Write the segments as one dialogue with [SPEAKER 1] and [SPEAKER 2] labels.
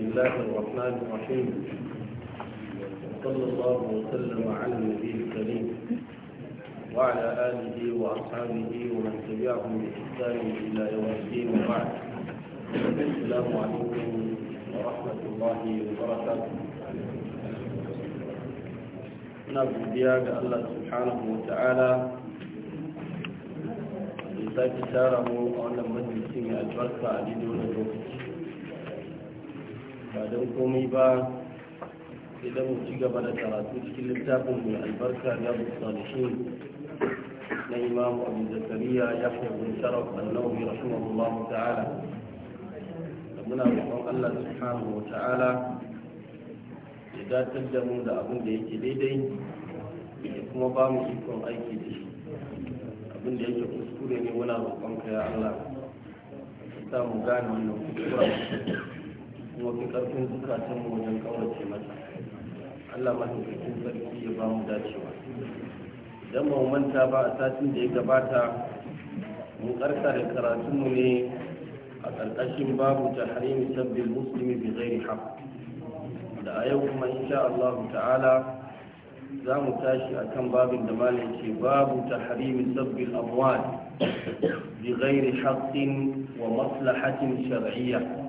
[SPEAKER 1] بسم الله الرحمن الرحيم
[SPEAKER 2] وصلى الله وسلم على النبي الكريم وعلى آله وأصحابه ومن تبعهم بإحسان إلى يوم الدين وبعد السلام عليكم ورحمة الله وبركاته نبي بياج الله سبحانه وتعالى لتاكي تارمو أولا مجلسين البركة على دون الوقت ba don komai ba idan mu ci gaba da karatu cikin littafin mai albarka na musalishin na imamu abu zakariya ya fi sharaf annawi rahimahullahu ta'ala
[SPEAKER 1] da muna roƙon
[SPEAKER 2] allah subhanahu wa ta'ala ya datar da mu da abin da yake daidai ya kuma ba mu ikon aiki da shi abin da yake kuskure ne muna roƙon ka ya allah ta mu gane wannan kuskure kuma fi ƙarfin zukatanmu wajen ƙaurace mata allah mahaifin sarki ya ba mu dacewa idan ba manta ba a satin da ya gabata mun karkare karatunmu ne a ƙarƙashin babu ta harimi sabbin musulmi bi zai da a yau kuma insha allah ta'ala za mu tashi a kan babin da malin ce babu ta harimi sabbin amwal bi ghairi wa maslahatin shar'iyya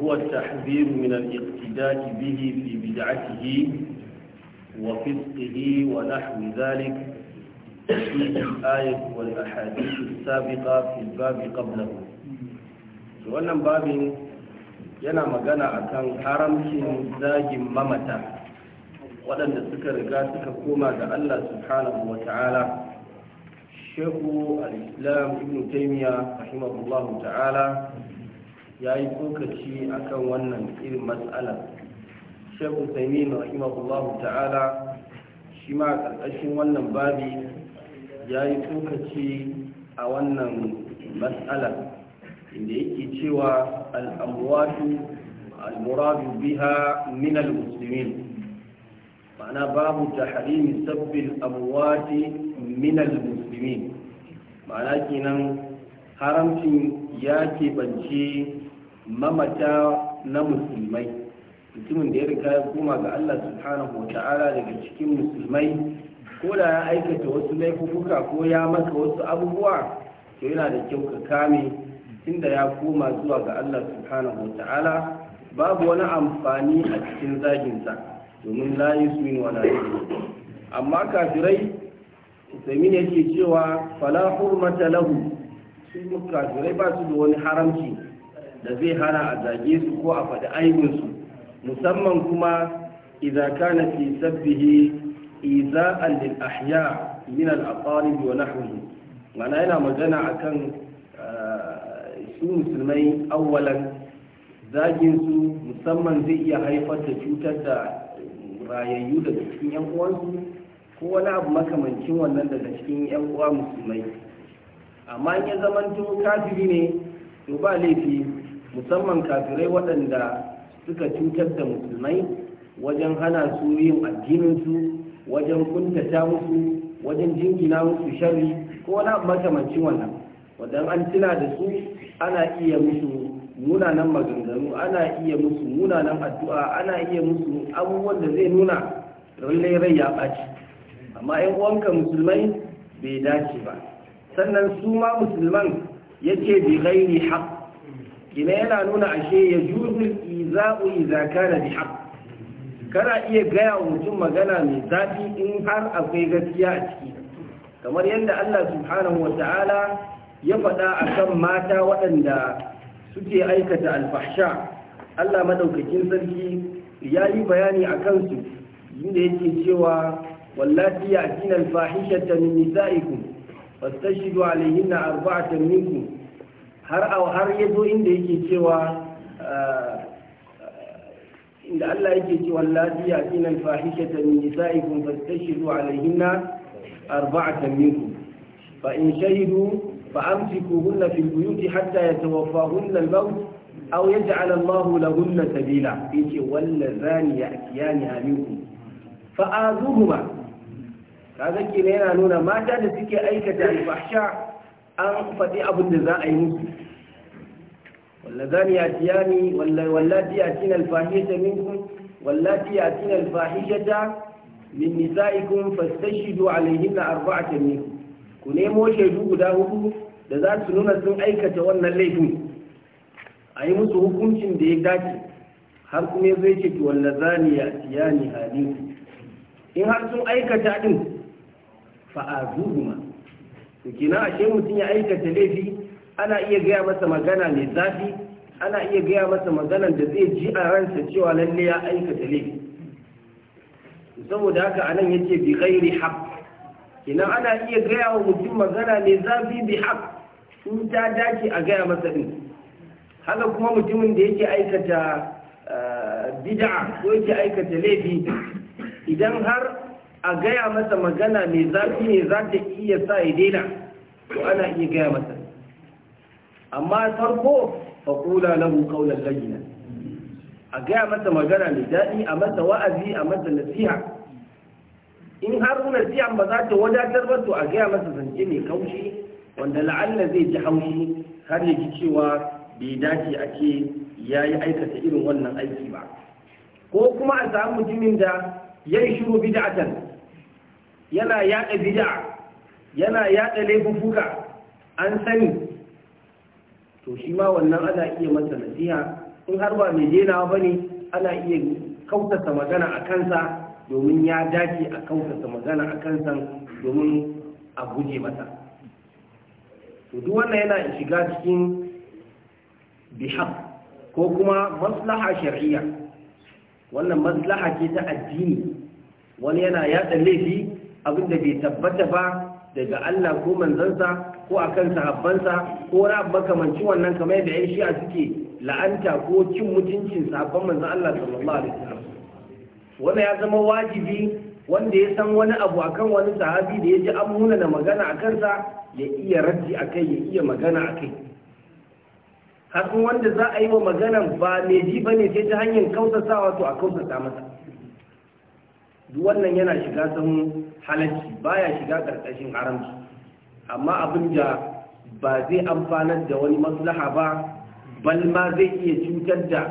[SPEAKER 2] وهو التحذير من الاقتداء به في بدعته وفسقه ونحو ذلك تشريح الآية والأحاديث السابقة في الباب قبله wannan babin yana magana akan haramcin zagin mamata waɗanda suka riga suka koma ga Allah subhanahu wa ta'ala shehu al-islam ibn taymiya rahimahullahu ta'ala ya yi tsokaci a kan wannan irin matsala shekul taimi na rahimahullahu ta'ala shi ma a ƙarƙashin wannan babi ya yi tsokaci a wannan matsala inda yake cewa al'amwatu al-muradu biha minal muslimin ma'ana babu tahrimi sabbin amwati minal al-muslimin ma'ana kenan haramcin ya keɓance mamata na musulmai mutumin da ya riga ya koma ga Allah subhanahu wa ta'ala daga cikin musulmai ko da ya aikata wasu laifuka ko ya maka wasu abubuwa to yana da kyau ka kame tunda ya koma zuwa ga Allah subhanahu wa babu wani amfani a cikin zaginsa domin la yusmin wa la amma kafirai ne yake cewa fala hurmata lahu su kafirai ba su da wani haramci da zai hana a zage su ko a faɗi aibinsu musamman kuma idza kana fi sabbihi iza'an lil ahya min al aqarib wa nahwihi mana yana magana akan eh, su musulmai awwalan zagin su musamman zai iya haifar da cutar da rayayyu daga cikin yan uwansu ko wani abu makamancin wannan daga cikin yan uwa musulmai amma in ya zamanto kafiri ne to ba laifi musamman kafirai waɗanda suka cutar da musulmai wajen hana su yin addininsu wajen kuntata musu wajen jingina musu sharri ko wani makamancin wannan wadan an tuna da su ana iya musu munanan maganganu ana iya musu munanan addu'a ana iya musu abubuwan da zai nuna lallai rai ya ɓaci amma yan uwanka musulmai bai dace ba sannan su ma musulman yace bi ghairi haqq kina yana nuna ashe ya juzul iza'u iza na bi haqq kana iya gaya wa mutum magana mai zafi in har akwai gaskiya a ciki kamar yadda Allah subhanahu wa ta'ala ya faɗa akan mata waɗanda suke aikata alfahsha Allah maɗaukakin sarki ya yi bayani a kansu inda yake cewa wallati ya'tina ta min nisa'ikum fastashidu arba'a arba'atan minkum har har ya zo inda yake cewa eh, eh, inda Allah yake cewa lafiya fi nan fahisha ta nisa'i kun fastashi zuwa alaihin arba'a ta minku in shahidu fa amsiku hunna fil buyuti hatta yatawaffa hunna al maut aw yaj'al Allahu lahunna sabila yace walla zani ya'tiyani aminku fa azuhuma kaga kina yana nuna mata da suke aikata al-fahsha an faɗi abin da za a yi musu wallazani ya tiyani wallati ya tina alfahishata minkum wallati ya tina alfahishata min nisa'ikum fastashidu na arba'atan ne? ku nemo shaidu guda hudu da za su nuna sun aikata wannan laifin a yi musu hukuncin da ya dace har kuma zai ce ki wallazani ya tiyani halinku in har sun aikata din ma. to kina ashe mutum ya aikata laifi ana iya gaya masa magana mai zafi ana iya gaya masa magana da zai ji a ransa cewa lalle ya aikata laifi saboda haka anan yace bi ghairi haqq kina ana iya gaya wa mutum magana mai zafi bi haqq in ta dace a gaya masa din haka kuma mutumin da yake aikata eh, bid'a ko yake aikata laifi idan har a gaya masa magana mai zafi ne za ta iya sa ya daina to ana iya gaya masa amma farko na lahu ƙaunar lagina a gaya masa magana mai daɗi a masa wa'azi a masa nasiha in har nasiha ba za ta wadatar ba to a gaya masa zance mai kaushi wanda la'alla zai ji haushi har ya ji cewa bai dace a ce ya yi aikata irin wannan aiki ba ko kuma a samu mutumin da ya yi shiru bid'atan yana yada bid'a yana yada laifuka an sani to shi ma wannan ana iya masa nasiha in har ba mai ba bane ana iya kautata magana a kansa domin ya dace a kautata magana a kansa domin a guje masa to duk wannan yana shiga cikin bihaq ko kuma maslaha shar'iyya wannan maslaha ce ta addini wani yana yada laifi abin da bai tabbata ba daga Allah ko manzansa ko akan sahabbansa ko wani abu makamanci wannan kamar da yan shi'a suke la'anta ko cin mutuncin sahabban manzan Allah sallallahu alaihi wasallam wanda ya zama wajibi wanda ya san wani abu akan wani sahabi da ya ji an muna da magana a kansa ya iya raddi a ya iya magana akai? kai har wanda za a yi wa maganan ba mai ji ba ne sai ta hanyar kausasawa to a kausasa masa duk wannan yana shiga san halacci baya shiga ƙarƙashin haramci amma abin da ba zai amfanar da wani maslaha ba bal ma zai iya cutar da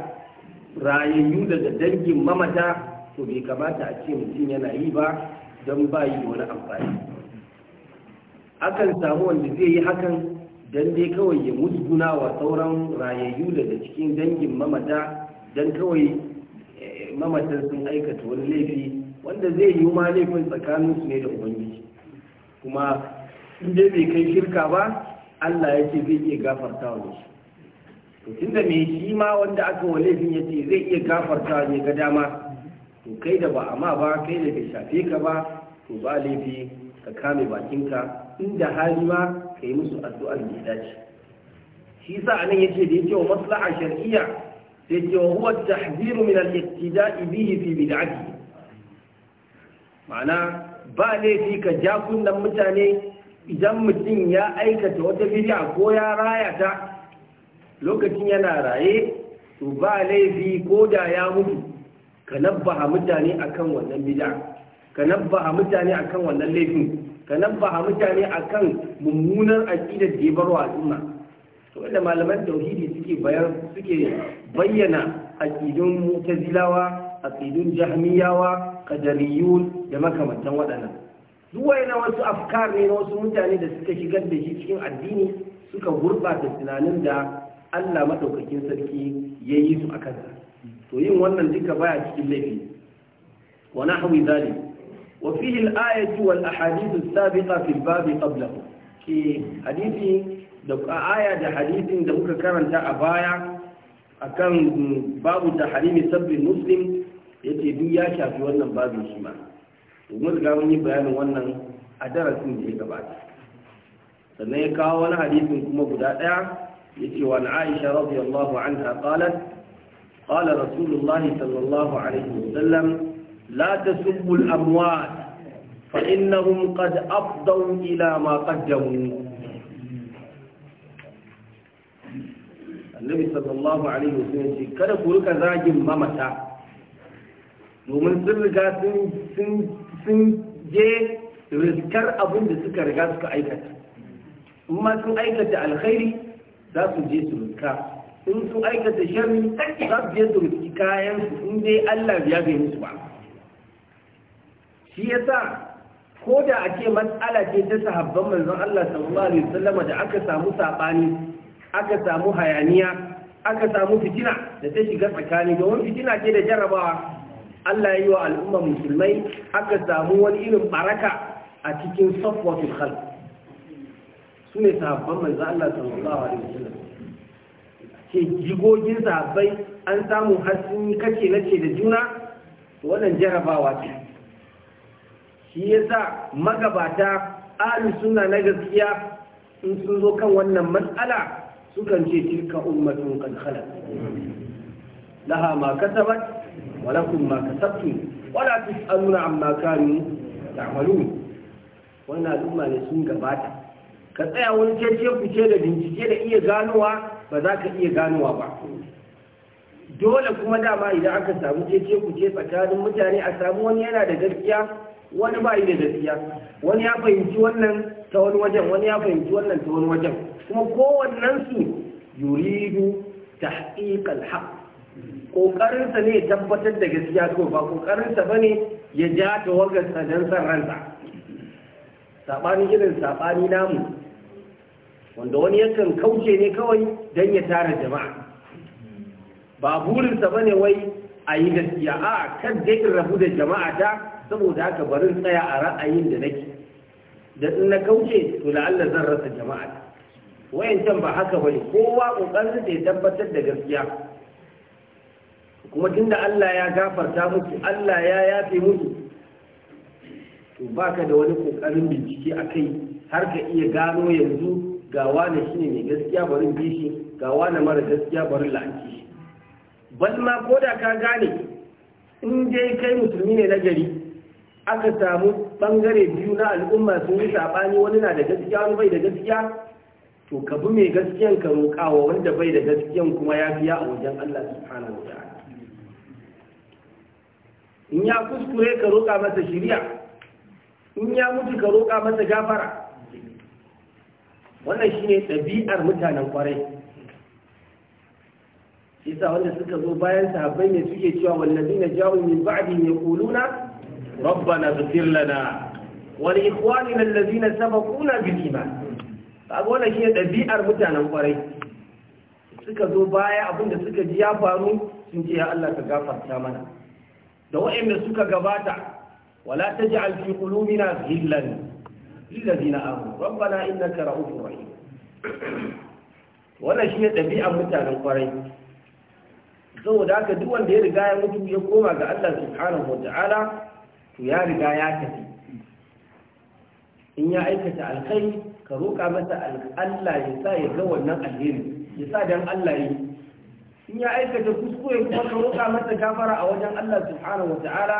[SPEAKER 2] rayayyu daga dangin mamata to bai kamata a ce mutum yana yi ba don bayi da wani amfani akan samu wanda zai yi hakan don dai kawai ya musguna wa sauran rayayyu daga cikin dangin mamata don kawai eh, mamatan sun aikata wani laifi wanda zai yi ma laifin tsakanin su ne da ubangiji kuma in dai bai kai shirka ba Allah ya ce zai iya gafarta wa shi to tunda me shi ma wanda aka wa laifin yace zai iya gafarta ne ga dama to kai da ba amma ba kai da bai shafe ka ba to ba laifi ka kame bakinka inda hali ma ka yi musu addu'ar da dace shi sa anan yace da yake wa maslaha shar'iyya sai ce wa huwa tahdhiru min al-ibtida'i bihi fi bid'ati ma'ana ba laifi ka ja kunnan mutane idan mutum ya aikata wata bidiya ko ya raya ta lokacin yana raye to ba laifi ko da ya mutu ka nabbaha mutane akan wannan bidiya ka nabbaha mutane akan wannan laifin ka nabbaha mutane akan mummunan aqidar da ya wa al'umma to wanda malaman tauhidi suke bayar suke bayyana aqidun mu'tazilawa aqidun jahmiyawa qadariyun da makamantan waɗannan duk na wasu afkar ne na wasu mutane da suka shigar da shi cikin addini suka gurɓata tunanin da Allah maɗaukakin sarki ya yi su a kansa to yin wannan duka baya cikin laifi wani hawi zalik wa fihi al wal ahadith sabiqa fil babi qablahu ke hadisi da aya da hadisin da muka karanta a baya akan babu tahrimi sabbin muslim yace duk ya shafi wannan babin shi ma mun riga mun yi bayanin wannan a darasin da ya gabata sannan ya kawo wani hadisin kuma guda daya yace wa Aisha radiyallahu anha qalat qala rasulullah sallallahu alaihi wa sallam la tasubbu al-amwat fa innahum qad afdaw ila ma qaddamu annabi sallallahu alaihi wa sallam ce kada ku rika zagin mamata domin sun riga sun je riskar abin da suka riga suka aikata in ma sun aikata alkhairi za su je su riska in sun aikata sharri za su je su riski kayan su in dai Allah ya gai musu ba shi yasa ko da a ce matsala ce ta sahabban manzon Allah sallallahu alaihi wasallam da aka samu sabani aka samu hayaniya aka samu fitina da ta shiga tsakani domin fitina ce da jarrabawa Allah ya yi wa al'umma musulmai aka samu wani irin baraka a cikin safwatul khalq su ne sahabban manzo Allah sallallahu alaihi wasallam ke jigogin sahabbai an samu hasini kace nace da juna wannan jarabawa ce shi yasa magabata ahlus suna na gaskiya in sun zo kan wannan matsala sukan ce tilka ummatin qad khalat laha ma ولكم ما كسبتم ولا تسألون amma kanu تعملون وانا دوما ne sun gabata ka tsaya wani cece fice da bincike da iya ganowa ba za ka iya ganowa ba dole kuma dama idan aka samu cece ce tsakanin mutane a samu wani yana da gaskiya wani ba da gaskiya wani ya fahimci wannan ta wani wajen wani ya fahimci wannan ta wani wajen kuma kowannensu su yuridu tahqiqal haqq ƙoƙarinsa ne ya tabbatar da gaskiya ko ba ƙoƙarinsa ba ne ya ja ta wagarsa don san ranta. saɓani irin saɓani namu wanda wani yakan kauce ne kawai don ya tara jama'a ba burinsa ba ne wai a yi gaskiya a kan da in rabu da jama'a ta saboda haka barin tsaya a ra'ayin da nake da in na kauce to Allah zan rasa jama'a wayancan ba haka bane kowa ƙoƙarin da ya tabbatar da gaskiya kuma tunda Allah ya gafarta musu Allah ya yafe musu to baka da wani kokarin bincike a kai har ka iya gano yanzu ga wani shine mai gaskiya barin bishi ga wani mara gaskiya barin la'anci ma ko da ka gane in dai kai musulmi ne na gari aka samu bangare biyu na al'umma sun yi sabani wani na da gaskiya wani bai da gaskiya to ka bi mai gaskiyan ka roƙawa wanda bai da gaskiyan kuma ya fiya a wajen Allah subhanahu wa ta'ala in ya kuskure ka roƙa masa shiriya in ya mutu ka roƙa masa gafara wannan shine ɗabi'ar mutanen kwarai yasa wanda suka zo bayan sahabbai ne suke cewa wallazina ja'u min ba'di Rabba rabbana zafir lana wa li ikhwanina allazina sabaquna bil iman kaga wannan shine ɗabi'ar mutanen kwarai suka zo baya abinda suka ji ya faru sun ce ya Allah ka gafarta mana da waɗanda suka gabata wala taj'al fi qulubina ghillan lil ladina amanu rabbana innaka ra'ufur rahim wannan shine ɗabi'ar mutanen kwarai saboda haka duk wanda ya riga ya mutu ya koma ga Allah subhanahu wata'ala to ya riga ya tafi in ya aikata alkhairi ka roƙa masa Allah ya sa ya ga wannan alheri ya sa dan Allah yi in ya aikata kuskure kuma ka roƙa masa gafara a wajen Allah subhanahu wa ta'ala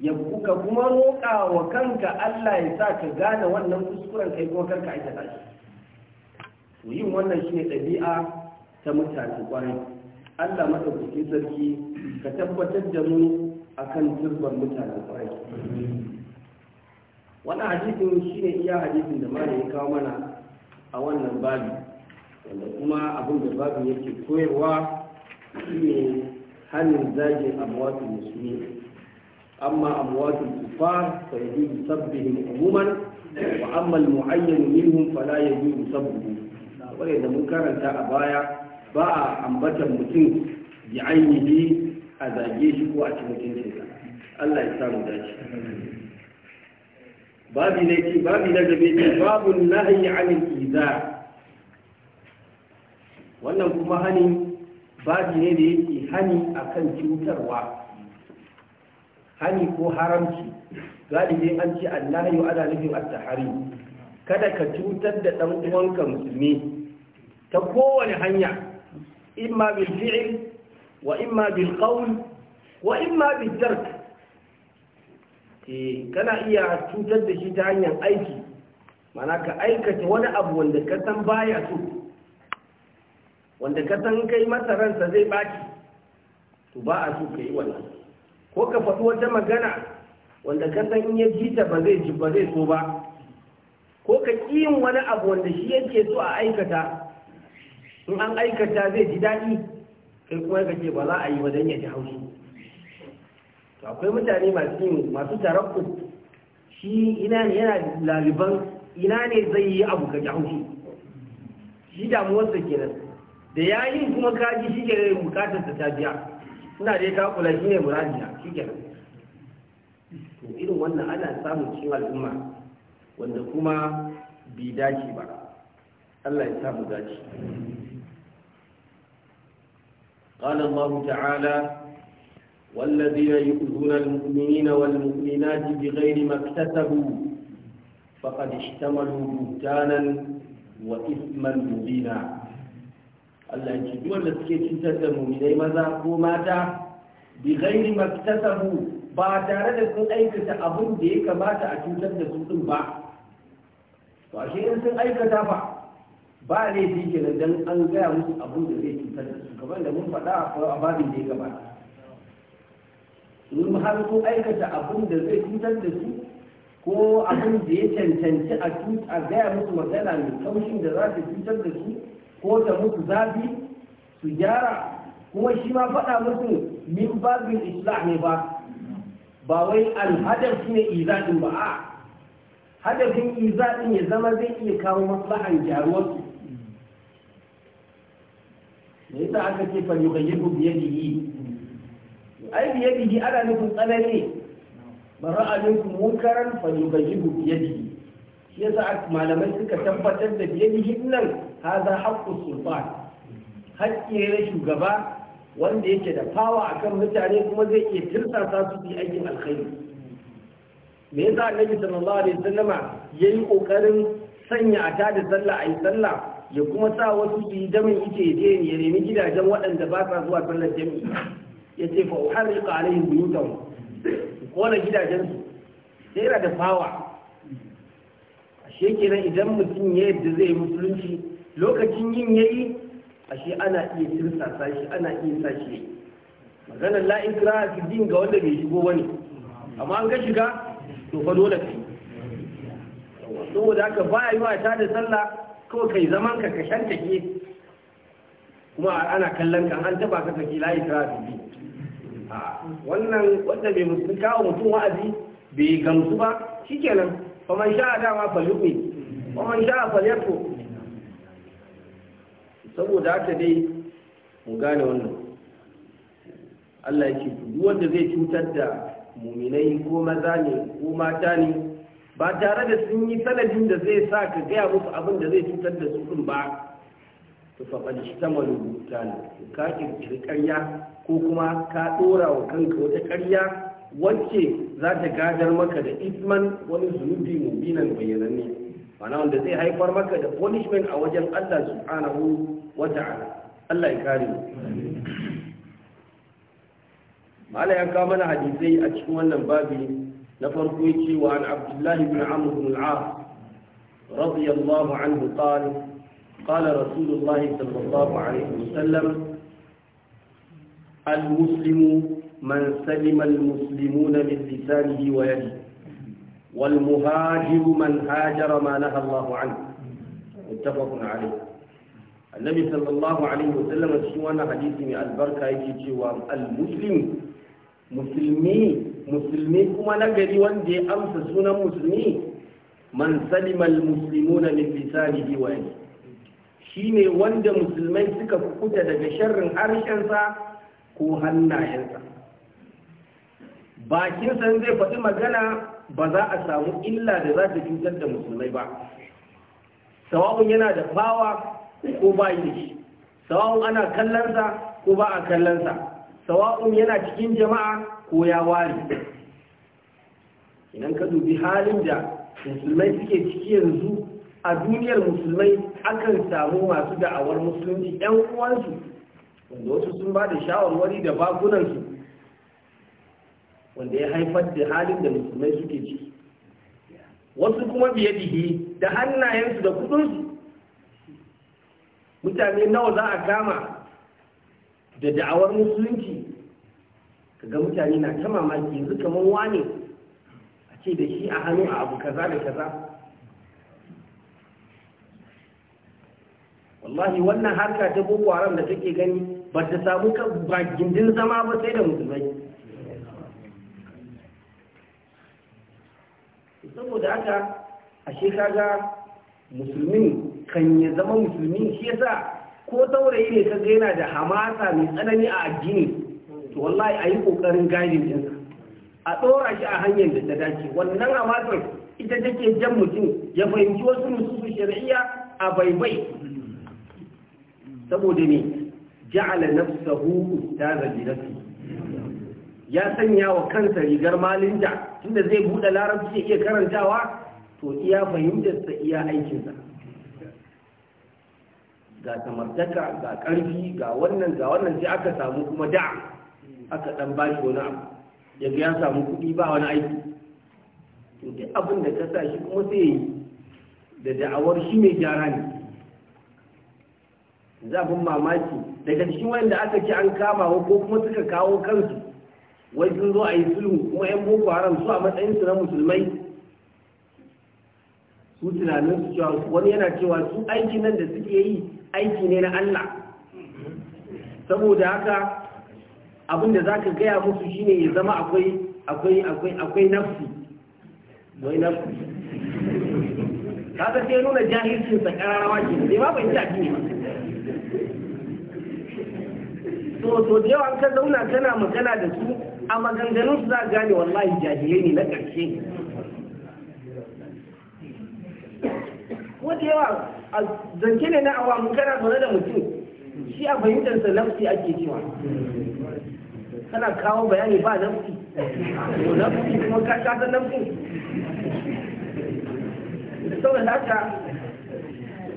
[SPEAKER 2] ya buka kuma roƙa wa kanka Allah ya sa ka gane wannan kuskuren kai kuma karka aikata shi to yin wannan shine ɗabi'a ta mutane kwarai Allah madaukakin sarki ka tabbatar da mu akan turban mutane kwarai wannan hadisin shine iya hadisin da malam ya kawo mana a wannan babi wanda kuma abin da babu yake koyarwa shine hannun zage amwatul musulmi amma amwatul kufar fa yajuzu sabbin umuman wa amma al mu'ayyan ya fala yajuzu sabbuhu kamar da mun karanta a baya ba a ambatan mutum ya ainihi a zage shi ko a ci mutuncinsa Allah ya samu dace babi na ce babi na gabe ce babu nahyi anil iza wannan kuma hani babi ne da yake hani akan cutarwa hani ko haramci galibi an ce Allah wa ana nufin at-tahari kada ka cutar da dan uwanka musulmi ta kowane hanya imma bil fi'l wa imma bil qawl wa imma bil tark eh kana iya cutar da shi ta hanyar aiki mana ka aikata wani abu wanda ka san baya so wanda ka san kai masa ransa zai baki to ba a so ka yi wannan ko ka faɗi wata magana wanda ka san in ya ji ta ba zai ji ba zai so ba ko ka yin wani abu wanda shi yake so a aikata in an aikata zai ji daɗi kai kuma ka ce ba za a yi ba don ya ji haushi to akwai mutane masu yin masu tarakku shi ina ne yana laliban ina ne zai yi abu ka ji haushi shi damuwarsa kenan da yayin kuma kaji shi ke bukatar ta biya suna dai ka kula shi ne muradiya shi ke to irin wannan ana samun cin al'umma wanda kuma bai dace ba Allah ya samu dace قال الله تعالى والذين يؤذون المؤمنين والمؤمنات بغير ما اكتسبوا فقد اشتملوا بهتانا وإثما مبينا Allah ya duk wanda suke cutar da muminai maza ko mata bi ghairi maktasabu ba tare da sun aikata abun da ya kamata a cutar da su din ba to ashe in sun aikata fa ba ke nan dan an gaya musu abun da zai cutar da su kamar da mun faɗa a babin da ya gabata in har sun aikata abun da zai cutar da su ko abin da ya cancanci a gaya musu magana mai kaushin da za ta cutar da su ko ta mutu zafi su gyara kuma shi ma faɗa musu min babin islah ne ba ba wai alhadar shi ne izadin ba a hadafin izadin ya zama zai iya kawo maslahan su da yasa aka ce fa yughayyiru bi yi? ai biye yadihi ana nufin tsanani bara'a minkum munkaran fa yughayyiru bi yadihi shi yasa malamai suka tabbatar da bi yadihi nan hada haƙƙus sultan haƙƙi ne na shugaba wanda yake da fawa kan mutane kuma zai iya tirsasa su yi aikin alkhairi me yasa annabi sallallahu alaihi ya yi kokarin sanya a tada sallah a yi sallah ya kuma sa wasu su yi damin ice je ya nemi gidajen waɗanda ba sa zuwa sallar jami'i ya ce fa uharriqa alaihim ko na gidajen su sai da fawa ashe kenan idan mutum ya yadda zai musulunci lokacin yin yayi ashe ana iya tirsa shi ana iya shi maganar la'in kira a din ga wanda bai shigo wani amma an ga shiga to fa dole ka yi saboda haka baya yi wa ta da sallah kawai kai zaman ka ka shanta ke kuma ana kallon kan an taba ka saki la'in kira a din wannan wanda bai musulun kawo mutum wa'azi bai gamsu ba shikenan faman sha'a dama falyu'min faman sha'a falyakfur saboda haka dai mu gane wannan Allah ya ce duk wanda zai cutar da muminai ko maza ne ko mata ne ba tare da sun yi sanadin da zai sa ka gaya musu abin da zai cutar da su ɗin ba to fa qad ishtamalu butana ka kirkiri ƙarya ko kuma ka dora wa kanka wata ƙarya wacce za ta gadar maka da isman wani zunubi mubinan bayyananne mana wanda zai haifar maka da punishment a wajen Allah subhanahu wa ta'ala Allah ya kare mu mala ya kawo mana hadisai a cikin wannan babi na farko yace wa an Abdullah ibn Amr ibn al-As radiyallahu anhu qala qala Rasulullah sallallahu alaihi wasallam al-muslimu man salima al-muslimuna min lisanihi wa yadihi والمهاجر من هاجر ما نهى الله عنه متفق عليه النبي صلى الله عليه وسلم سوانا حديث من البركة يجي المسلم مسلمي مسلمي كما نجري وندي أمس سنة مسلمي من سلم المسلمون من لسانه ويده shine wanda musulmai suka kuta daga sharrin harshensa ko hannayensa bakinsa zai faɗi magana ba za a samu illa da za ta cutar da musulmai ba sawa'un yana da fawa ko ba yi shi sawa'un ana kallonsa ko ba a kallonsa sawa'un yana cikin jama'a ko ya ware idan ka dubi halin da musulmai suke ciki yanzu a duniyar musulmai akan samu masu da'awar musulunci 'yan uwansu wanda wasu sun ba da shawarwari da bakunansu wanda ya haifar da halin da musulmai suke ciki wasu kuma biye dihi da hannayensu da kudinsu mutane nawa za a kama da da'awar musulunci kaga mutane na ta mamaki yanzu kamar wane a ce da shi a hannu a abu kaza da kaza wallahi wannan harka ta boko haram da take gani ba ta samu ba gindin zama ba sai da musulmai saboda haka a kaga musulmin kan yi zama musulmi shi yasa ko taurayi ne kaga yana da hamasa mai tsanani a addini to wallahi a yi ƙoƙarin gajin jinsa a ɗora shi a hanyar da ta dace wannan hamasar ita take jan mutum ya fahimci wasu su shari'a a baibai saboda ne ja'ala nafsahu ustaza bi nafsihi ya sanya wa kansa rigar malinta tunda zai bude larabci ya iya karantawa to iya sa iya aikinsa ga samartaka ga ƙarfi ga wannan ga wannan sai aka samu kuma da aka ɗan bashi wani abu yanzu ya samu kuɗi ba wani aiki to duk abin da ka sa shi kuma sai yi da da'awar shi mai gyara ne zafin mamaki daga cikin wanda aka ci an kama ko kuma suka kawo kansu wai sun zo a yi sulhu kuma yan boko haram su a matsayin su na musulmai su tunanin su cewa wani yana cewa su aiki nan da suke yi aiki ne na Allah saboda haka abin da za ka gaya musu shine ya zama akwai akwai akwai akwai nafsi wai nafsi kaga sai nuna jahilcin sa kararawa ke sai ba bai ta ne to to da yawa ka zauna kana magana da su a maganganun su za a gane wallahi jahilai ne na ƙarshe wata yawa a zance ne na awa kana zaune da mutum shi a fahimtarsa nafsi ake cewa kana kawo bayani ba nafsi ko nafsi kuma ka san sau da haka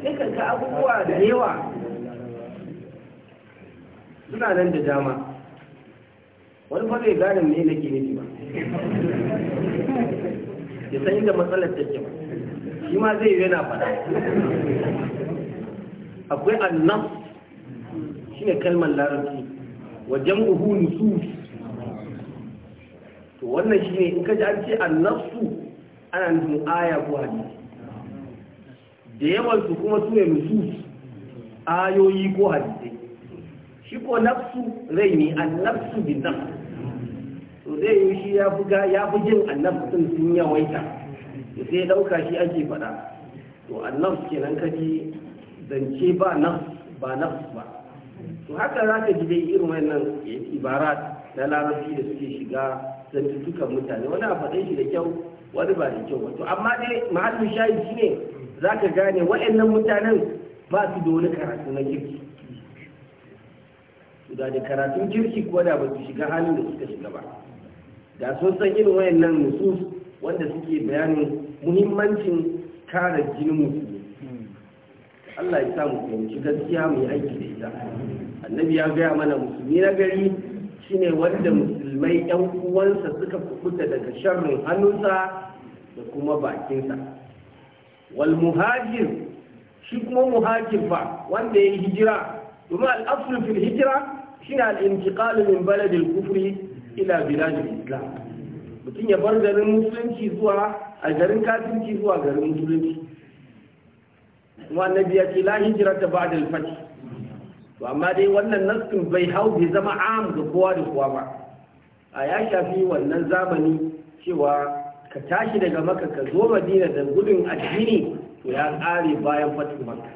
[SPEAKER 2] sai ka abubuwa da yawa suna nan da dama wani fa bai gane me nake nufi ba ya san inda matsalar take ba shi ma zai yana faɗa akwai shi shine kalmar larabci wajen uhu nusu to wannan shine in ka ji an ce su ana nufin aya ko hadisi da yawan su kuma su ne nusu ayoyi ko hadisai shi ko nafsu rai ne annafsu bin nafsu zai yi shi ya fi ya fi jin annab sun sun yawaita sai ya dauka shi ake faɗa to annab kenan kaji zance ba nafs ba nafs ba to haka za ka ji dai irin wannan ibara na larabci da suke shiga zantuttukan mutane wani a faɗe shi da kyau wani ba da kyau to amma dai mahallin shayi shi ne za ka gane waɗannan mutanen ba su da wani karatu na kirki da da karatun kirki ko da ba su shiga halin da suka shiga ba da sun san irin wayannan nusus wanda suke bayanin muhimmancin kare jinin musulmi Allah ya sa mu fahimci gaskiya mu yi aiki da ita annabi ya gaya mana musulmi na gari shine wanda musulmai yan uwansa suka kubuta daga sharrin hannunsa da kuma bakinsa wal muhajir shi kuma muhajir fa wanda ya hijira domin al'aful fil hijira shine al-intiqal min baladil kufri ila biladul islam mutum ya bar garin musulunci zuwa a garin kafirci zuwa garin musulunci kuma annabi ya ce la hijira ta ba'da al-fath to amma dai wannan naskin bai hau bai zama am ga kowa da kowa ba a ya shafi wannan zamani cewa ka tashi daga maka ka zo madina da gudun addini to ya ƙare bayan fatin makka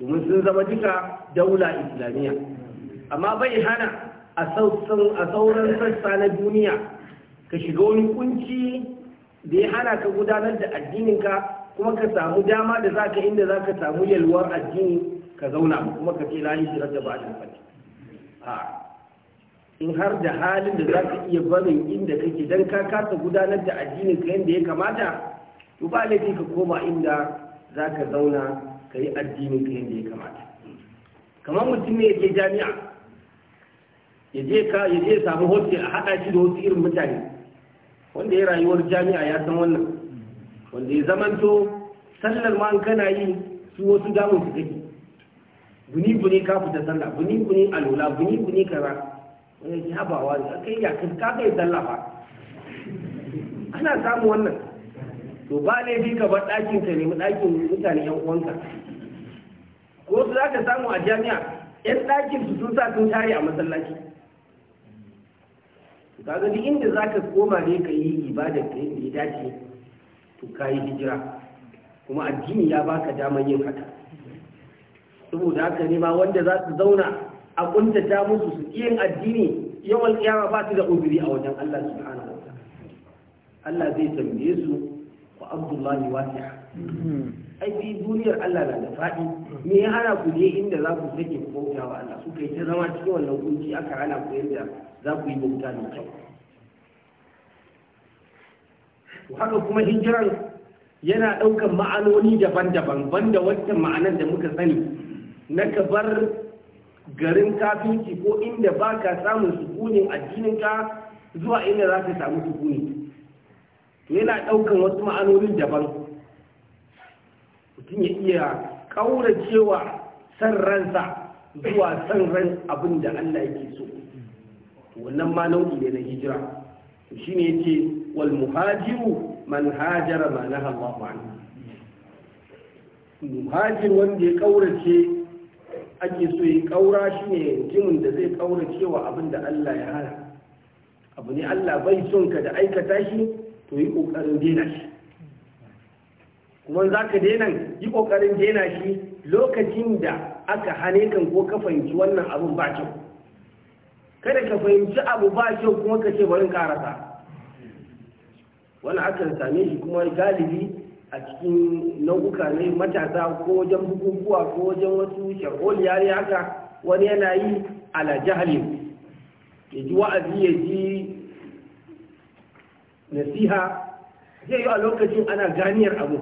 [SPEAKER 2] domin sun zama duka daula islamiyya amma bai hana a sauran sassa na duniya ka shiga wani kunci da ya hana ka gudanar da addininka kuma ka samu dama da za ka inda za ka samu yalwar addini ka zauna kuma ka ce layi shi da ba a in har da halin da za ka iya barin inda kake don ka kasa gudanar da addinin ka yadda ya kamata to ba laifi ka koma inda za ka zauna ka yi addinin yadda ya kamata kamar mutum ne ya je jami'a ya je ka ya samu hoti a haɗa shi da wasu irin mutane wanda ya rayuwar jami'a ya san wannan wanda ya zamanto sallar ma kana yi su wasu damun su kake buni buni ka fita sallah buni buni alola buni buni kaza wani ki habawa ne kai ya ka kai sallah ba ana samu wannan to ba bi ka bar ɗakin ka nemi ɗakin mutane yan uwanka ko su za ka samu a jami'a yan ɗakin su sun sa sun tare a masallaci ka duk inda za ka koma ne ka yi ibada ka yadda ya dace to ka yi hijira kuma addini ya baka damar yin haka saboda haka ne ma wanda za su zauna a kuntata musu su yin addini yawan alƙiyama ba su da uzuri a wajen Allah subhanahu wa Allah zai tambaye su wa abdullahi wasi'a ai bi duniyar Allah na da faɗi me ya hana ku je inda za ku sake kokawa Allah su yi ta zama cikin wannan kunci aka hana ku yadda za ku yi bauta mai kyau to haka kuma hijiran yana ɗaukar ma'anoni daban-daban banda wancan ma'anar da muka sani na ka bar garin kafinci ko inda ba ka samun sukunin ka zuwa inda za ka samu sukuni yana ɗaukar wasu ma'anoni daban mutum ya iya ƙauracewa san ransa zuwa san ran abin da Allah yake so wannan ma nau'i ne na hijira to shine yake wal muhajiru man hajara ma na Allahu anhu muhajir wanda ya kaurace ake so ya kaura shine mutumin da zai kaurace wa abin da Allah ya hana abu ne Allah bai son ka da aikata shi to yi kokarin dena shi kuma za ka dena yi kokarin dena shi lokacin da aka hane kan ko ka fahimci wannan abin ba kyau kada ka fahimci abu ba kyau kuma ka ce bari karasa wani akan same shi kuma galibi a cikin nau'uka ne matasa ko wajen bukukuwa ko wajen wasu yare haka wani yana yi ala jahalin ya ji wa'azi ya ji nasiha zai yi a lokacin ana ganiyar abu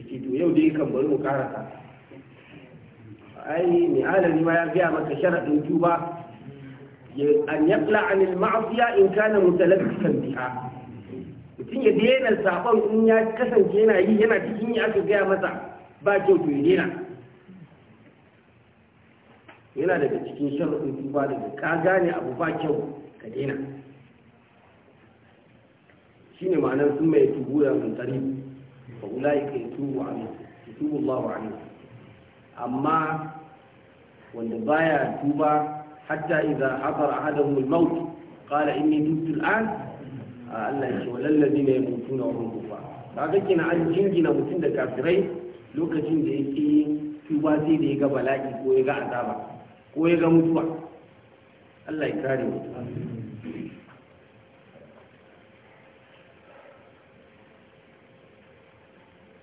[SPEAKER 2] ya ce to yau dai kan bari mu karasa ai mai alali ma ya gaya maka sharaɗin tuba an yakla anil ma'asiya in kana mutalaffisan biha mutum ya daina sabon in ya kasance yana yi yana cikin yi aka gaya masa ba kyau to ya daina yana daga cikin sharuɗin duba daga ka gane abu ba kyau ka daina shi ma'anar sun mai tubu ya mun tsari ba ulayi ka tubu a tubu wa amma wanda baya tuba حتى إذا حضر أحدهم الموت قال إني تبت الآن Allah ya ce walal ladina yamutuna wa hum kufar kaga kina an jingina mutum da kafirai lokacin da yake tuba sai da ya ga bala'i ko ya ga azaba ko ya ga mutuwa Allah ya kare mu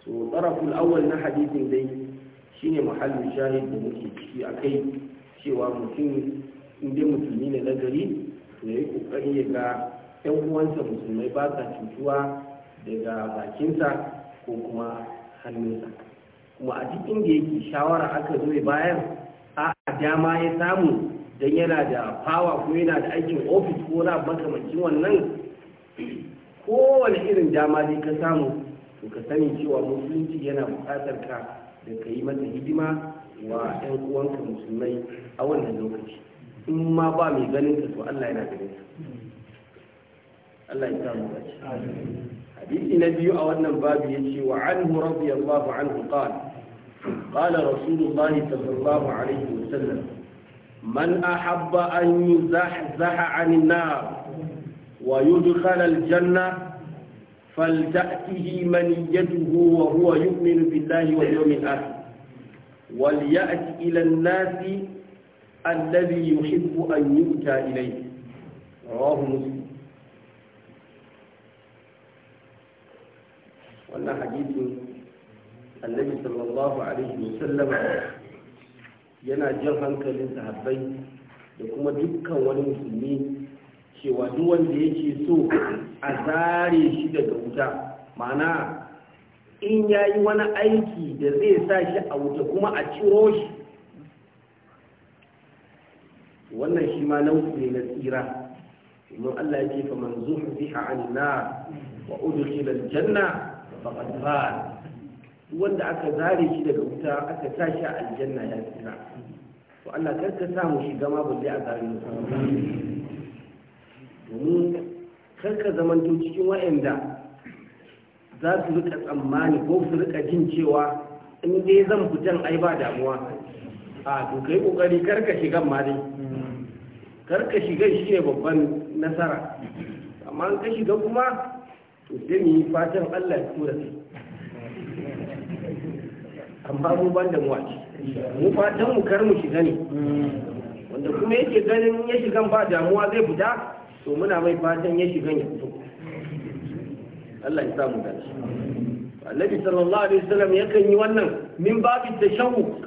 [SPEAKER 2] so taraful awwal na hadisin dai shine muhallin shahid da muke ciki kai. cewa mutum inda musulmi ne na gari ya yi kokari ya ga yan uwansa musulmai ba sa cutuwa daga bakinsa ko kuma hannunsa kuma a duk inda yake shawara aka zo ya bayar a dama ya samu don yana da fawa ko yana da aikin ofis ko na makamancin wannan kowane irin dama zai ka samu to ka sani cewa musulunci yana buƙatar ka da ka yi masa hidima wa ƴan uwanka musulmai a wannan lokaci in ma ba mai ganin ka to Allah yana ganin ka Allah ya sa mu dace hadisi na biyu a wannan babu yace wa anhu radiyallahu anhu qala قال رسول الله صلى الله عليه وسلم من أحب أن يزحزح عن النار ويدخل الجنة فلتأته منيته وهو يؤمن بالله واليوم الآخر وليأت إلى الناس الذي يحب أن يؤتى إليه رواه مسلم wannan hadisin annabi sallallahu alaihi wasallama yana jan hankalin sahabbai da kuma dukkan wani musulmi cewa duk wanda yake so a zare shi daga wuta ma'ana in ya yi wani aiki da zai sa shi a wuta kuma a ciro shi wannan shi ma nau'i ne na tsira domin Allah ya ce fa man fiha 'anil nar wa udkhila al-janna faqad ba wanda aka zare shi daga wuta aka tashi a aljanna ya tsira to Allah kar ka samu shiga ma balle a zare domin kar ka zamanto cikin wa'anda za su rika tsammani ko su rika jin cewa in dai zan fitan ai ba damuwa a to kai kokari karka shigan ma dai karka shigan shi ne babban nasara amma in ka shiga kuma to sai mu yi fatan Allah ya tura sai amma mu ban da mu mu fatan mu kar mu shiga ne wanda kuma yake ganin ya shigan ba damuwa zai fita to muna mai fatan ya shigan ya fito Allah ya samu da shi annabi sallallahu alaihi wasallam yakan yi wannan min babin da tashawwu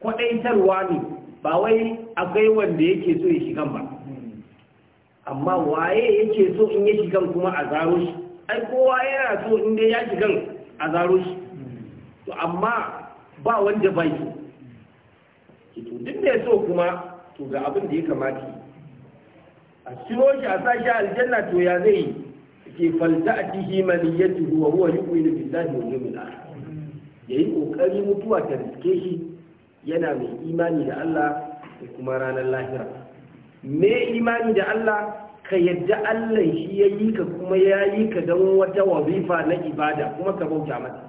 [SPEAKER 2] kwadaitarwa ne ba wai a kai wanda yake so ya shigan ba amma waye yake so in ya shigan kuma a zaro shi ai kowa yana so in dai ya shigan a zaro shi to amma ba wanda bai so to duk mai so kuma to ga abin da ya kamata a siro shi a sashi aljanna to ya zai yi ruwa falta'tihi maniyatuhu wa huwa yu'minu da wani mila ya yi kokari mutuwa ta riske shi yana mai imani da Allah da kuma ranar lahira me imani da Allah ka yadda Allah shi ya yi ka kuma ya yi ka don wata wazifa na ibada kuma ka bauta mata.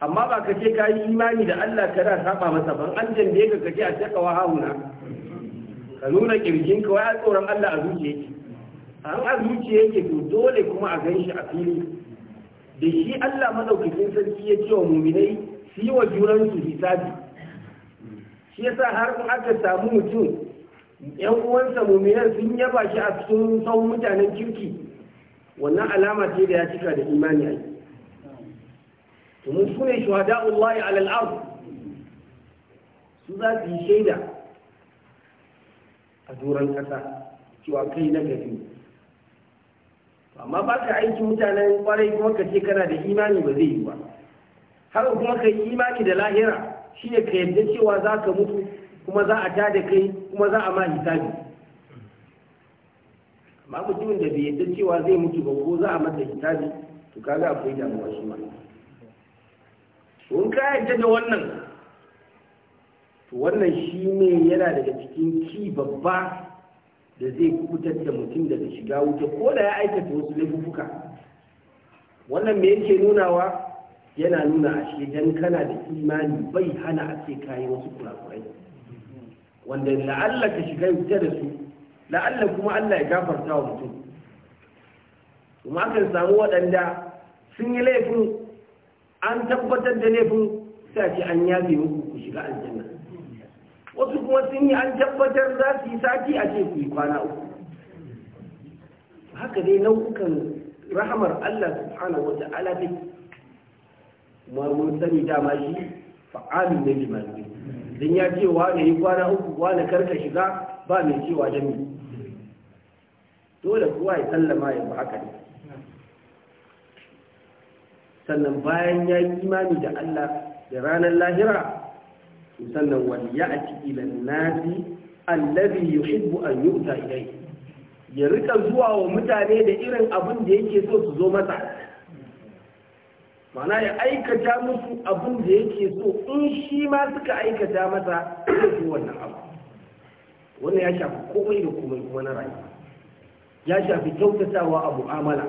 [SPEAKER 2] amma ba ka ce ka yi imani da Allah ka da saba masa ban an jambe ka ce a takawa hauna ka nuna kirjin ka ya tsoron Allah a zuciyarki an a zuciya yake to dole kuma a gan shi a fili da shi Allah mazaukakin sarki ya ce wa muminai su yi wa junansu hisabi shi ya sa har in aka samu mutum yan uwansa muminan sun yaba shi a cikin sauran mutanen kirki wannan alama ce da ya cika da imani ai to mun sune Allah alal ard su za su yi shaida a duran kasa cewa kai na gari amma ba ka aiki mutanen kwarai kuma ka ce kana da imani ba zai yi ba har kuma ka yi imani da lahira shi ne ka yadda cewa za ka mutu kuma za a ta da kai kuma za a ma hisabi amma mutumin da bai yadda cewa zai mutu ba ko za a masa hisabi to kaga akwai damuwa shi ma in ka yadda da wannan to wannan shi ne yana daga cikin ki babba da zai kutar da mutum daga shiga wuta ko da ya aikata wasu laifuka wannan me yake nunawa yana nuna a dan kana da imani bai hana a ce kayi wasu kurakurai wanda la'alla ka shiga wuta da su la'alla kuma Allah ya gafarta wa mutum kuma akan samu waɗanda sun yi laifin an tabbatar da laifin sai an yafe muku ku shiga aljanna su kuma sun yi an tabbatar za su yi sati a ce ku yi kwana uku haka dai nau'ukan rahamar Allah subhanahu wa ta'ala dai ma mun sani dama shi fa'alu ne limani dan ya ce wa ne yi kwana uku wa ne karka shiga ba mai cewa jami dole kuwa ya sallama ya ba haka ne sannan bayan ya yi imani da Allah da ranar lahira to sannan wal ya'ti ila nasi allazi yuhibbu an yu'ta idai ya rika zuwa wa mutane da irin abin da yake so su zo masa mana ya aikata musu abin da yake so in shi ma suka aikata masa su wannan abu wannan ya shafi komai da komai kuma na rayuwa ya shafi kyautatawa a mu'amala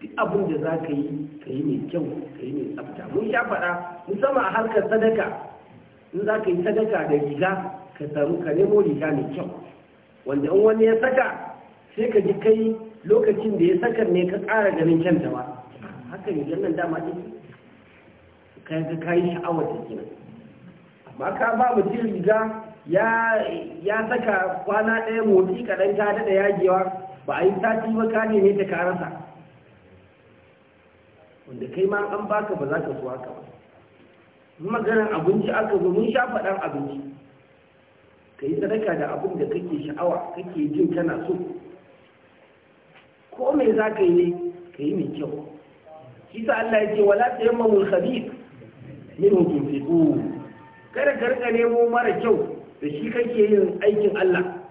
[SPEAKER 2] duk abin da za ka yi ka yi mai kyau ka yi mai tsafta mun sha faɗa musamman a harkar sadaka in za ka yi sadaka da riga ka samu ka nemo riga mai kyau wanda in wani ya saka sai ka ji kai lokacin da ya saka ne ka ƙara ganin kyantawa ba haka rigar nan dama ɗin ka ga ka yi sha'awar ta amma ka ba mutum riga ya saka kwana ɗaya motsi kaɗan ka da yagewa ba a yi sati ba ka ne ta ka rasa wanda kai ma an baka ba za ka zuwa ka ba maganar abinci aka zo mun sha faɗan abinci ka yi sadaka da abin da kake sha'awa kake jin kana so ko me za ka yi ne ka yi mai kyau shi sa Allah ya ce wala ta yamma mun khabib min hukum fi kada ka rika nemo mara kyau da shi kake yin aikin Allah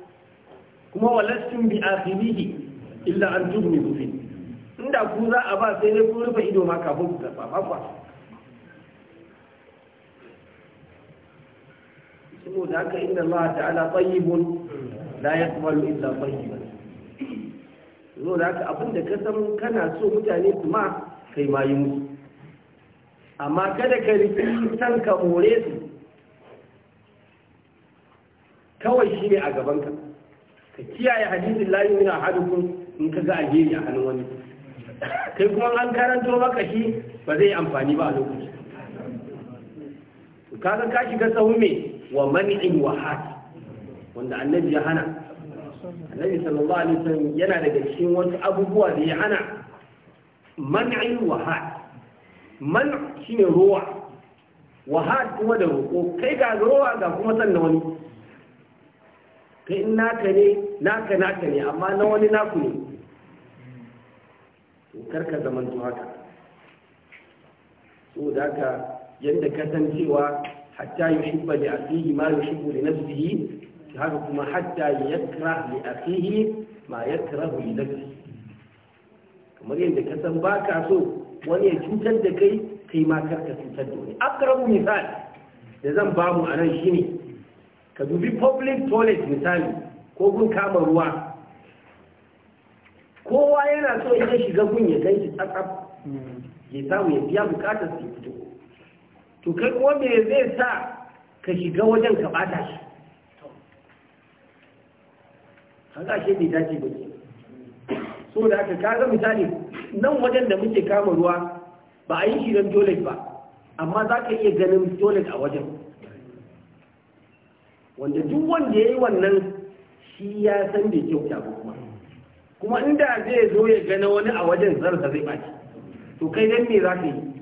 [SPEAKER 2] kuma walastum bi akhirihi illa an tubni fi inda ku za a ba sai dai kun rufe ido ma kafin ku karba ba kwa saboda haka inda Allah ta'ala tayyibun la yaqbalu illa tayyiban saboda haka abinda ka san kana so mutane su ma kai ma yi musu amma kada ka rufe san ka more su kawai shi ne a gaban ka ka kiyaye hadisin la yu'minu ahadukum in ka ga alheri a hannun wani kai kuma an karanto maka shi ba zai amfani ba a lokaci kaga ka shiga sahun mai wa mani'in wa hati wanda annabi ya hana annabi sallallahu alaihi wasallam yana daga cikin wasu abubuwa da ya hana man'in wa hati man shine ruwa wa hati kuma da roƙo kai ga ruwa ga kuma san wani kai in naka ne naka naka ne amma na wani naku ne to karka zamantu haka so da ka yadda kasancewa hatta yushibba li akhihi ma yushibbu li nafsihi haka kuma hatta yakra li akhihi ma yakra li nafsihi kamar yadda ka san baka so wani ya cutar da kai kai ma karka cutar da wani akrabu misali da zan ba mu a nan ne ka dubi public toilet misali ko gun kama ruwa kowa yana so ya shiga gun ya gan shi tsatsaf ya samu ya biya bukatar su fito to kai kuma me zai sa ka shiga wajen ka bata shi kaga shi bai dace ba ke so da aka kaga misali nan wajen da muke kama ruwa ba a yi shi don toilet ba amma za ka iya ganin toilet a wajen wanda duk wanda ya yi wannan shi ya san bai kyauta ba kuma kuma inda zai zo ya gane wani a wajen zarsa zai baki to kai dan me za ka yi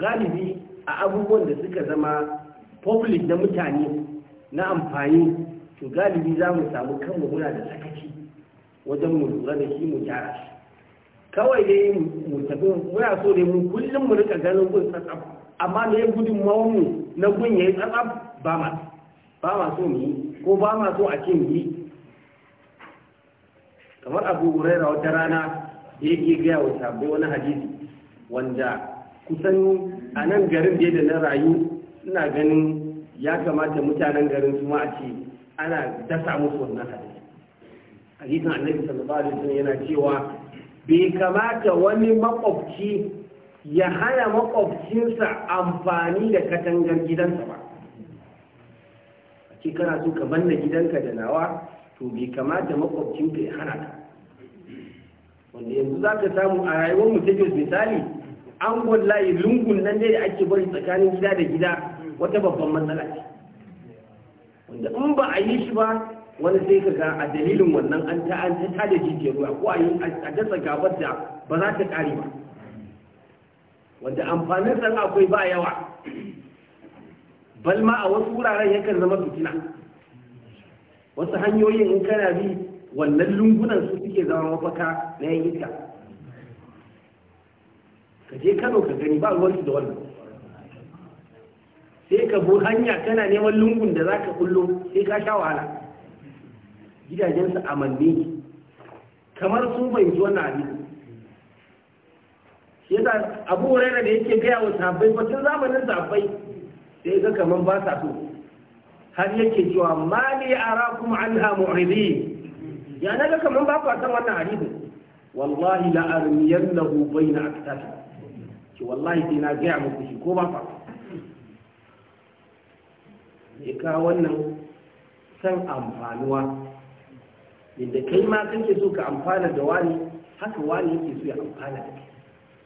[SPEAKER 2] galibi a abubuwan da suka zama public na mutane na amfani to galibi za mu samu kanmu muna da sakaci wajen mu lura da shi mu gyara shi kawai dai mu tafi muna so dai mu kullum mu rika ganin gun tsatsaf amma da ya gudun mu na gun ya yi tsatsaf ba ma ba ma so mu yi ko ba ma so a ce mu yi kamar abu huraira wata rana da yake gaya wa sabo wani hadisi wanda kusan a nan garin da na rayu ina ganin ya kamata mutanen garin su ma a ce ana dasa musu wannan hadisi hadisin annabi sallallahu alaihi wasallam yana cewa bai kamata wani makwabci ya hana makwabcinsa amfani da katangar gidansa ba a ce kana so ka banna gidanka da nawa to bai kamata makwabcin ka ya hana ka wanda yanzu za ka samu a rayuwar mu take misali an wallahi lungun nan dai da ake bari tsakanin gida da gida wata babban matsala ce wanda in ba a yi shi ba wani sai ka ga a dalilin wannan an ta an ta da jijiyar ruwa ko a yi a dasa gabar da ba za ta kare ba wanda amfanin san akwai ba yawa balma a wasu wuraren yakan zama fitina wasu hanyoyin in kana bi wannan lungunan su suke zama mafaka na yayyuka ka je kano ka gani ba ruwan da wannan sai ka bu hanya kana neman lungun da za ka kullo sai ka sha wahala gidajensu amanni kamar sun fahimci wannan abin shi yasa abu da yake gaya wa sabbai batun zamanin sabbai sai ga kaman ba sa so har yake cewa mali arakum anha mu'ridi ya naga kaman ba ku san wannan hadisi wallahi la armiyannahu bayna aktafi ki wallahi sai na ga muku shi ko ba fa ya ka wannan san amfanuwa inda kai ma kake so ka amfana da wani haka wani yake so ya amfana da kai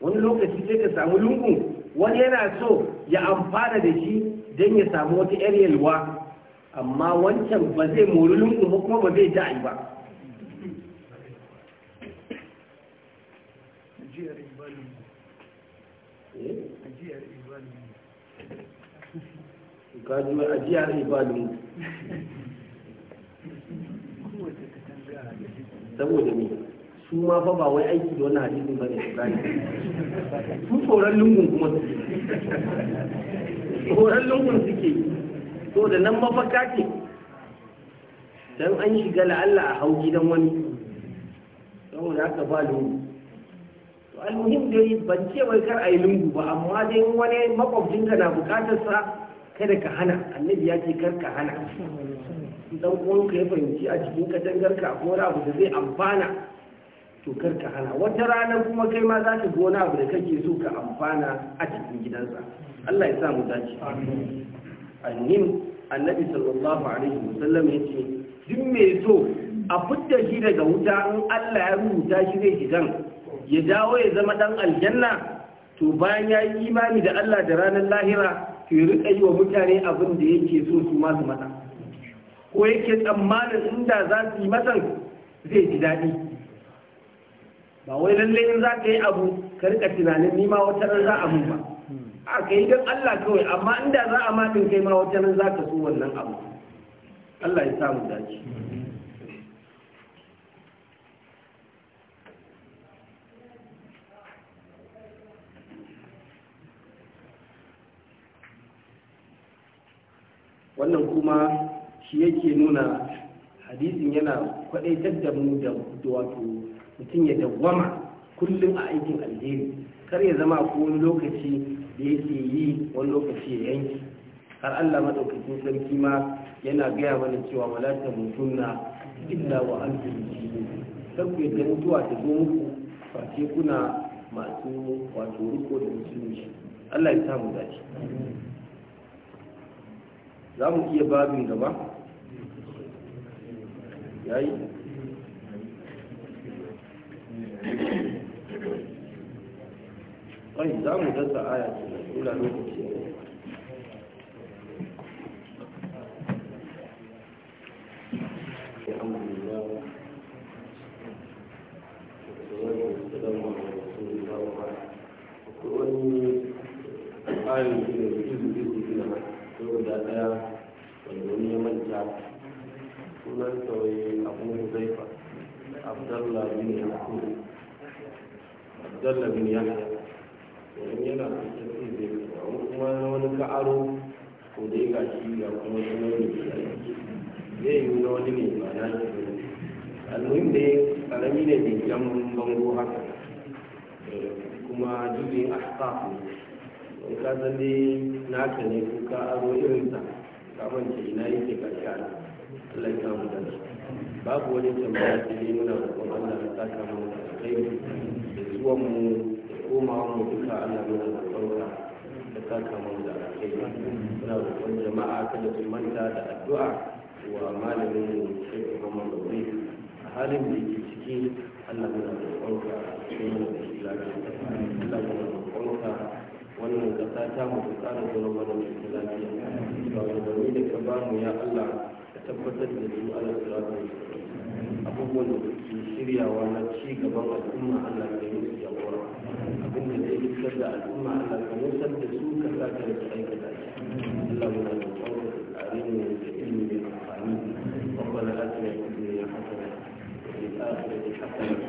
[SPEAKER 2] wani lokaci sai ka samu lungu wani yana so ya amfana da shi don ya samu wata yar yalwa amma wancan ba zai mori lungu ba kuma ba zai ja'i ba ajiyar ibalin eh? saboda ne su ma fa ba wai aiki da wani hadisin ba ne su su tsoron lungun kuma su tsoron lungun suke yi to da nan mafaka ce don an shiga la'alla a hau gidan wani saboda aka ba lungu to almuhim dai ban ce wai kar a yi lungu ba amma dai wani ka na bukatar sa kada ka hana annabi ya ce kar ka hana dan ka ya fahimci a cikin ka ko wani abu da zai amfana to kar ka hana wata rana kuma kai ma za ka ga wani abu da kake so ka amfana a cikin gidansa Allah ya sa mu dace annin annabi sallallahu alaihi wasallam ya ce duk mai so a fitta shi daga wuta in Allah ya rubuta shi zai shigan ya dawo ya zama dan aljanna to bayan ya yi imani da Allah da ranar lahira to ya rika yi wa mutane abin da yake so su masu mata ko yake tsammanin inda za su yi masan, zai ji daɗi ba wai lallai in za ka yi abu ka rika tunanin nima wata ran za a mun ba a yi don Allah kawai amma inda za a matin kai ma wata nan za ka so wannan abu Allah ya samu dace wannan kuma shi yake nuna hadisin yana kwadaitar da mu da wato mutum ya dawwama kullum a aikin alheri kar ya zama ko lokaci da yake yi wani lokaci ya yanki har Allah maɗaukacin sarki ma yana gaya mana cewa malaka na illa wa antum muslimun da ku da mutuwa ta zo muku face kuna masu wato riko da musulunci Allah ya samu dace za mu iya babin gaba
[SPEAKER 1] yayi ƙwai za mu
[SPEAKER 2] dasa aya cikin ila lokaci Abdullahi ne ya kuri, Abdullahi ne ka aro ko da ya gashi ga kuma wani ne ne yi na wani ne ba na shi ne almuhim ne karami ne mai jan bango haka eh, kuma jirgin asaf ne in ka dai ne ko ka aro ina yake karshe Allah ya da babu wani tambaya dai muna roƙon Allah ya saka mu da kai da zuwan mu da komawa mu duka Allah ya da saka mu da kai muna roƙon jama'a ta su manta da addu'a wa malamin mu kuma Muhammad Dawud a halin da yake ciki Allah muna roƙon ka cikin da shi lafiya Allah muna roƙon ka wannan kasa ta mu ka ƙara wani mana mai lafiya ba wani da ka ba mu ya Allah ka tabbatar da su ala siratu abubuwan da suke shiryawa na ci gaban al'umma Allah ya yi tsoro abinda zai isar da al'umma Allah ka nusar da su ka sa ka da su aikata shi Allah muna da tsoro da tsari ne da ilimi mai amfani ربنا آتنا في الدنيا da وفي الآخرة حسنة